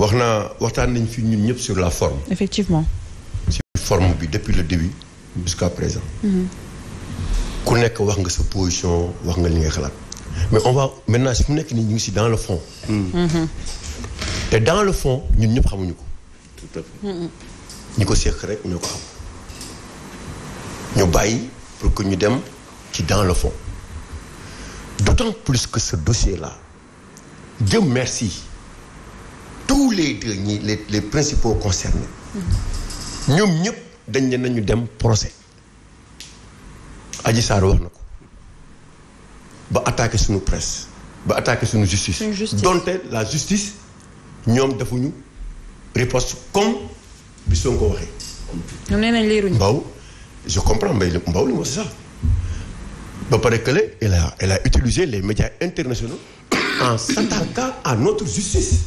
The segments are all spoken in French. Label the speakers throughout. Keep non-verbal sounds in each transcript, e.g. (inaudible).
Speaker 1: waxna naa waxtaan nañ fi ñun ñëpp sur la forme. effectivement. sur forme bi depuis le début jusqu'à présent. Mm-hmm. ku nekk wax nga sa position wax nga li nga xalaat mais on va maintenant si fu nekk ni ñu ngi si dans le fond. Mm-hmm. te dans le fond ñun ñëpp xamuñu ko. tout à fait. Mm-hmm. ñi ko seq rek ñoo ko xam ñu bàyyi pour que ñu dem ci dans le fond d'autant plus que ce dossier là Dieu merci les deux les principaux concernés. nous, ñep dañ né nañu dem procès. aji sar waxnako attaqué ba sur suñu presse ba attaqué suñu justice. Donc la justice nous defuñu riposte comme réponse comme nous ñoom né je comprends mais c'est ça elle a elle a utilisé les médias internationaux en s'attaquant à notre justice.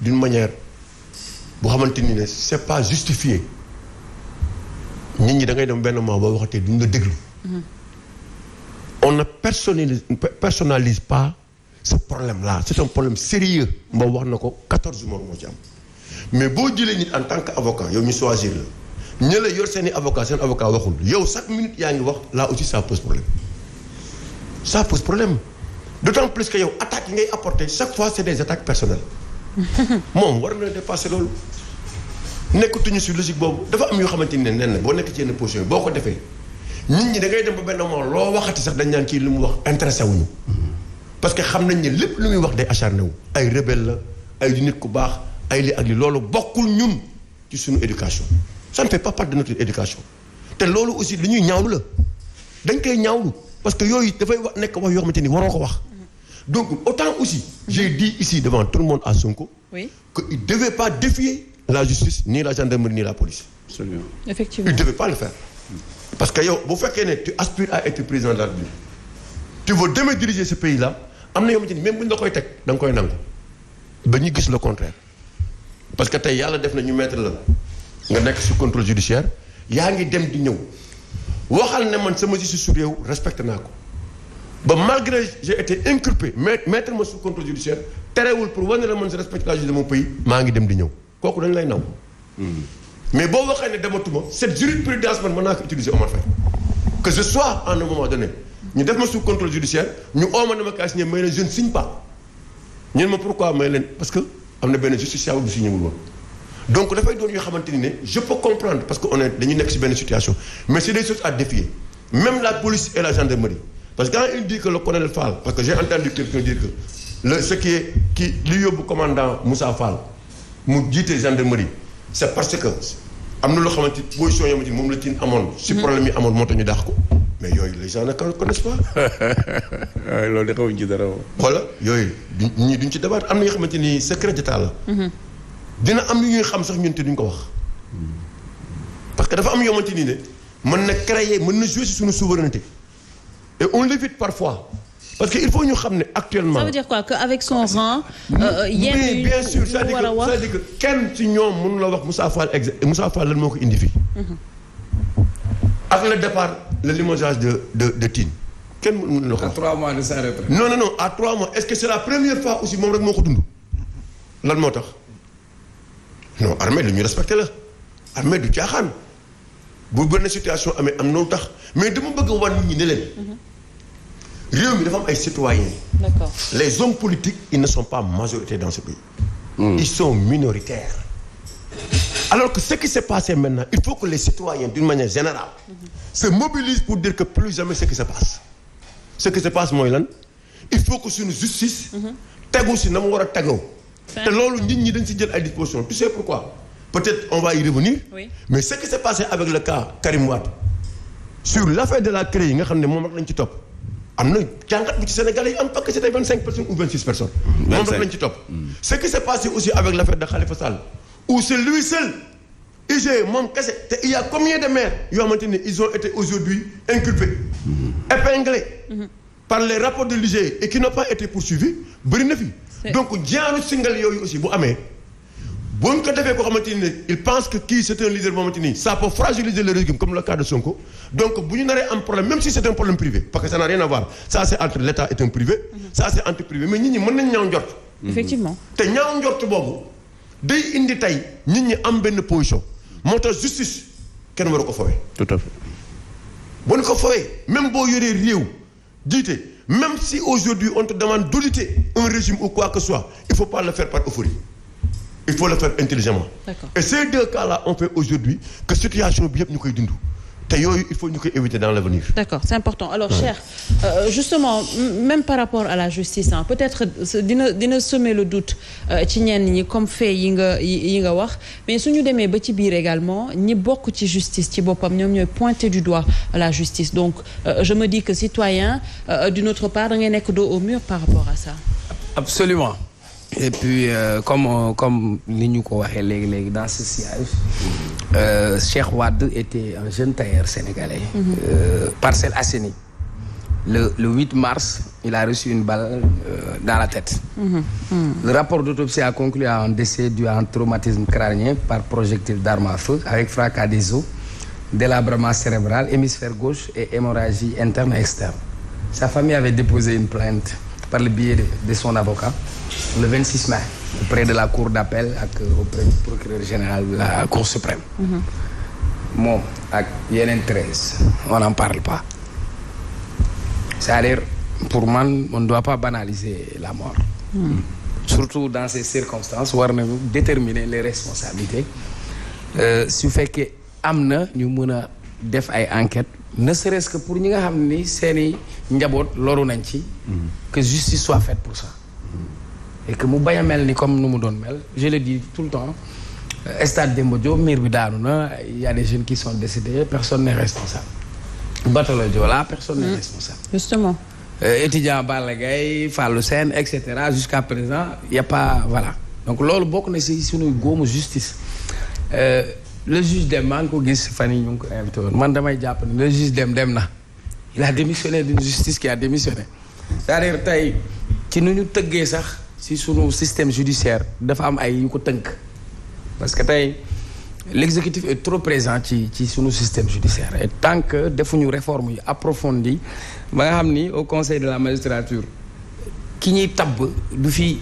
Speaker 1: d'une manière boo xamante ne c'est pas justifié nit ñi da ngay dem benn moment ba waxatee duñ la déglu mm-hmm. on ne personnalise personnalise pas ce problème là c'est un problème sérieux mba wax na ko quatorze mois moo ci am mais boo jëlee nit en tant que avocat yow ñu choisir la ñu la yor seen avocat seen avocat waxul yow chaque minute yaa ngi wax là aussi ça pose problème ça pose problème d'autant plus que yow attaque yi ngay apporter chaque fois c'est des attaques personnelles (laughs) moom war a na dépasser loolu nekkatuñu si logique boobu dafa am yoo xamante ni ne boo nekk ci yenn position boo ko defee nit ñi da ngay dem ba benn moom loo waxati sax dañ naan kii lu mu wax intéressé wuñu parce que xam nañ ne lépp lu muy wax day acharné wu ay rebelle la ay di nit ku baax ay li ak li loolu bokkul ñun ci suñu éducation ça ne fait pas partie de notre éducation te loolu aussi lu ñuy ñaawlu la dañ koy ñaawlu parce que yooyu dafay wax nekk wax yoo xamante ni waroo ko wax Donc, autant aussi, j'ai dit ici devant tout le monde à Sonko oui. qu'il ne devait pas défier la justice, ni la gendarmerie, ni la police. Absolument. Effectivement. Il ne devait pas le faire. Parce que vous tu aspires à être président de la Tu veux demain diriger ce pays-là, même si tu es vous ben le contraire parce que tay yalla def na ñu mettre sous contrôle judiciaire dem di Vous waxal ne man respecté ba malgré j'ai été inculpé mettre moi sous contrôle judiciaire pour wane la je respecte la justice de mon pays je ngi dem di ñëw kooku dañ lay naw hmm. mais des waxee ne dematuma cette jurisprudence man mën utiliser Omar Faye que ce soit en un moment donné ñu def ma sous contrôle judiciaire ñu ooma na ma kaa signé may leen je ne signe pas ñen ma pourquoi may len parce que amna ben benn justiciable bu signéwul woon donc fay doon yoo xamante né je peux comprendre parce que on est dañu une ci situation mais c'est des choses à défier même la police et la gendarmerie parce que quand il dit que le colonel Fall, parce que j'ai entendu quelqu'un dire que le, ce qui est qui, au commandant Moussa Fall, nous dit gendarmerie, c'est parce que am na loo position yoo xamante ni moom la tiin amoon. si hmm. problème yi amoon moo tax ñu daax ko. mais yoy les gens ne connaissent pas. (laughs) loolu de ci dara woon. voilà yoy, duñ ñii duñ ci débat am na yoo secret d'état la. Hmm. dina am lu ñuy xam sax ñun te duñ ko wax. Hmm. parce que dafa am le xamante ni ne na créer mën na jouer sur suñu souveraineté. Et on l'évite parfois. Parce qu'il faut nous ramener actuellement. Ça veut
Speaker 2: dire quoi Qu'avec son rang, euh, euh, il y a Oui, bien sûr. Ça veut
Speaker 1: dire que quel tignon nous avons Moussa Fall Moussa Fall le individu. Mhm. Avec le départ, le limogeage de, de, de Tine. Quel nous À trois mois de sa Non, non, non. À trois mois. Est-ce que c'est la première fois aussi que je suis Lan non armée lu ñu respecté la armée du vous bu situation à am non tax mais dama bëgg wan nit ñi ne mhm. Rien mi citoyens. les hommes politiques ils ne sont pas majorité dans ce pays. Hmm. ils sont minoritaires. alors que ce qui s'est passé maintenant il faut que les citoyens d'une manière générale. Mhm. se mobilisent pour dire que plus jamais ce qui se passe. ce qui se passe il faut que une justice. Mhm. si tu sais pourquoi. peut-être on va y revenir. mais ce qui s'est passé avec le cas Karim Wade sur l'affaire de la création, il nga a un lañ qui a jàngat bu ci Sénégalais on am que c'était 25 personnes ou 26 personnes moom rek ci top. ce qui s'est passé aussi avec l'affaire de Khalifa Sall où c'est lui seul IG il y a combien de maires yo xamante ils ont été aujourd'hui inculpés mm-hmm. épinglés mm-hmm. par les rapports de l'IG et qui n'ont pas été poursuivis bari na fi donc jaaru singal yoyu aussi bu amé il pense que qui c'est un leader ça peut fragiliser le régime comme le cas de Sonko donc vous vous am problème même si c'est un problème privé parce que ça n'a rien à voir ça c'est entre l'état et un privé. Mhm. ça c'est entre privé mais nit ñi mën nañ ñaw njort. Mhm. effectivement té ñaw njort nous day indi tay nit ñi am ben position moo justice ken waru ko tout à fait. bu ko même bo réew même si aujourd'hui on te demande d'auditer un régime ou quoi que ce soit il faut pas le faire par euphorie il faut le faire intelligemment. Et ces deux cas-là on fait aujourd'hui que situation bi bien ñu nous il faut nous éviter dans l'avenir.
Speaker 2: d'accord c'est important alors cher euh, justement même par rapport à la justice hein, peut-être de ne semer le doute euh, ci comme fait yinga nga yi mais suñu nous ba ci biir également ñi ne ci justice ci beaucoup pointer du doigt la justice donc euh, je me dis que citoyens, d'une autre part da ngay que dos au mur par rapport à ça.
Speaker 3: absolument et puis euh, comme euh, comme dans ce siège, mm-hmm. euh, Cheikh Wade était un jeune tailleur sénégalais. parcelle -hmm. euh, le 8 mars il a reçu une balle euh, dans la tête.
Speaker 2: Mm-hmm. Mm-hmm.
Speaker 3: le rapport d'autopsie a conclu à un décès dû à un traumatisme crânien par projectile d'arme à feu avec fracas des os délabrement cérébral hémisphère gauche et hémorragie interne et externe. sa famille avait déposé une plainte par le biais de son avocat le 26 mai auprès de la cour d'appel auprès du procureur général de la cour suprême y mhm. ak a 13, on n'en parle pas c'est-à-dire pour moi, on ne doit pas banaliser la mort mhm. surtout dans ces circonstances on déterminer les responsabilités sur fait que que ñu enquête ne serait-ce que pour nous, nga mhm. que justice soit faite pour ça et que mu bañ mel ni comme nous, nous donnons mel je le dis tout le temps stade de Diop il bi y a des jeunes qui sont décédés personne n'est responsable Batolo Diola personne n'est mmh. responsable. justement. Euh, étudiant Balla Gaye Fallou le et cetera jusqu'à présent il n'y a pas voilà donc loolu est na si de góomu justice. Euh, le juge Deme maa ngi ko gis le juge Deme dem il a démissionné d'une justice qui a démissionné c'est-à-dire tey ci nu ñu tëggee sax. si sunu système judiciaire dafa am ay yu ko tënk parce que tey l'exécutif est trop présent ci ci sunu système judiciaire et tant que defuñu réforme yu approfondie ba nga xam ni au conseil de la magistrature ki ñuy tabb du fi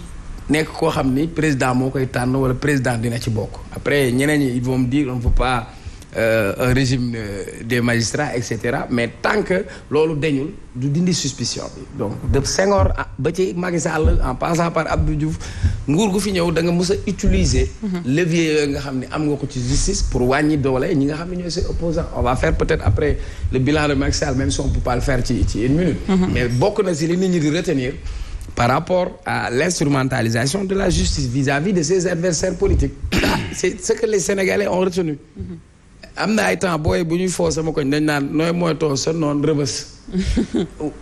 Speaker 3: nekk koo xam ni président moo koy tànn wala président dina ci bokk après ñeneen ñi ils vont dire on ne peut pas Euh, un régime euh, des magistrats etc. mais tant que l'on il du dindi suspicion bi donc de Senghor ba ci en passant par Abdou Diouf nous gu fi da nga utiliser mhm. levier de nga justice pour voir doole ñi nga xam opposants on va faire peut-être après le bilan de Maxal, même si on peut pas le faire ci une minute mhm. mais beaucoup na eux li retenir par rapport à l'instrumentalisation de la justice vis-à-vis de ses adversaires politiques. (coughs) C'est ce que les Sénégalais ont retenu. Mhm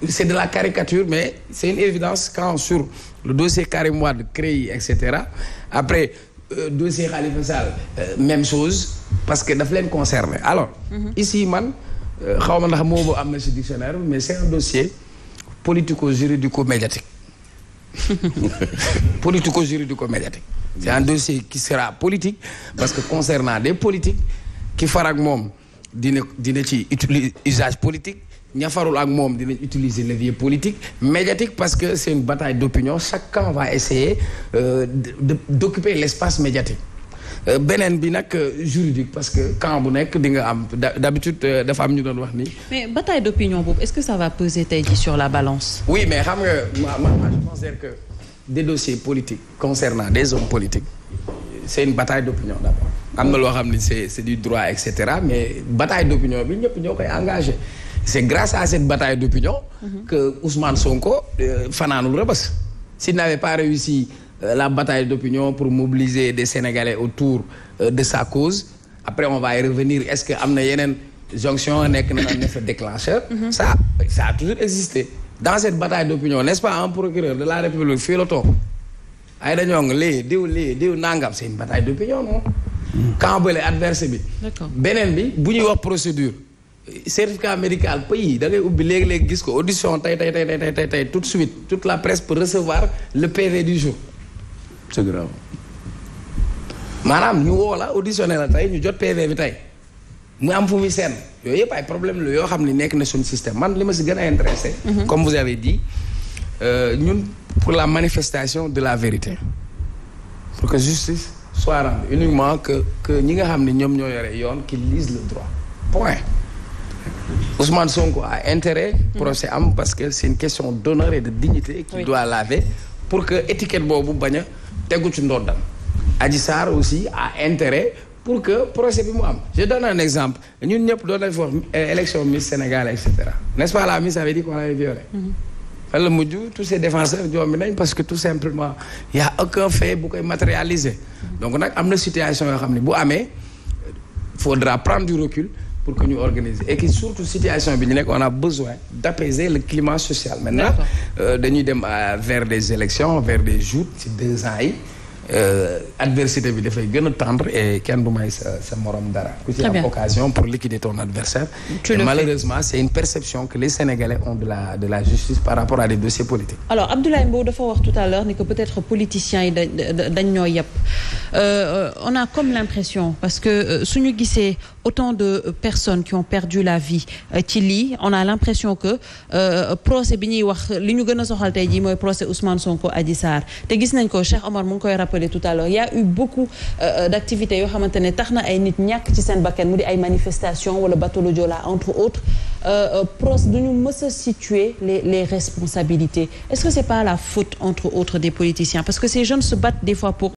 Speaker 3: c'est de la caricature mais c'est une évidence quand sur le dossier Karim Wade etc. etc après euh, dossier Khalifa euh, même chose parce que la flemme concerne. alors mhm. ici man euh, xawma ndax mo vous am dictionnaire mais c'est un dossier politico-juridico-médiatique (laughs) politico-juridico-médiatique c'est un dossier qui sera politique parce que concernant des politiques qui far ak qui ci usage politique qui ak moom utilise utiliser levier politique médiatique parce que c'est une bataille d'opinion chacun va essayer euh, d'occuper l'espace médiatique euh, Benen bi euh, juridique parce que quand on est, di d'habitude des femmes, ñu doon
Speaker 2: mais bataille d'opinion est-ce que ça va peser sur la balance.
Speaker 3: oui mais je pense que des dossiers politiques concernant des hommes politiques c'est une bataille d'opinion d'abord c'est du droit etc mais bataille d'opinion bi engagé c'est grâce à cette bataille d'opinion mm-hmm. que Ousmane Sonko euh, fanaanul rëbës s'il n'avait pas réussi euh, la bataille d'opinion pour mobiliser des Sénégalais autour euh, de sa cause après on va y revenir est-ce que y a une jonction qui na na déclencheur mm-hmm. ça ça a toujours existé dans cette bataille d'opinion n'est-ce pas un hein, procureur de la République fii le toog ay c'est une bataille d'opinion non quand adversaire bi. benen bi bu wax procédure. certificat médical pays da ngay ubbi les léegi gis ko audition tay tay tout de suite toute la presse pour recevoir le PV du jour. c'est grave. madame ñu woo la auditionné la tay ñu jot PV bi tay mu am fu mi sen yooyu ay problème la yo xamni nek na système man lima ci intéressé. Mhm. comme vous avez dit euh, ñun pour la manifestation de la vérité pour que justice soit rendu uniquement que que ñi nga xam qui lisent le droit point Ousmane Sonko a intérêt procès am parce que c'est une question d'honneur et de dignité qu'il doit laver pour que étiquette boobu bañ a tegu ci ndoddam Adji Sarr aussi a intérêt pour que procès bi je donne un exemple Nous ñëpp doon nañ au élection Miss Sénégal et n'est-ce pas la Miss avait dit qu'on avait violer mm-hmm tous ces défenseurs parce que tout simplement il n'y a aucun fait pour matérialisé matérialiser donc on a une situation faudra prendre du recul pour que nous organiser et que surtout situation on a besoin d'apaiser le climat social maintenant euh, vers des élections vers des joutes des années euh, adversité bi dafay gën tendre et kenn du may sa sa morom dara ku ci occasion pour liquider ton adversaire malheureusement c'est une perception que les Sénégalais ont de la de la justice par rapport à des dossiers politiques
Speaker 2: alors Abdoulaye Mbow dafa wax tout à l'heure ni que peut-être politiciens dañ ñoy ñoo euh, euh, on a comme l'impression parce que euh, suñu gissé autant de personnes qui ont perdu la vie ci li on a l'impression que procès bi ñi wax li ñu gëna soxal tay ji moy procès Ousmane Sonko Adissar te gis nañ ko Cheikh Omar mu ngi koy rappelé tout à l'heure il y a eu beaucoup euh, euh, d'activités il y a eu des manifestations entre autres euh, pros de nous situer les les responsabilités est-ce que c'est pas la faute entre autres des politiciens parce que ces jeunes se battent des fois pour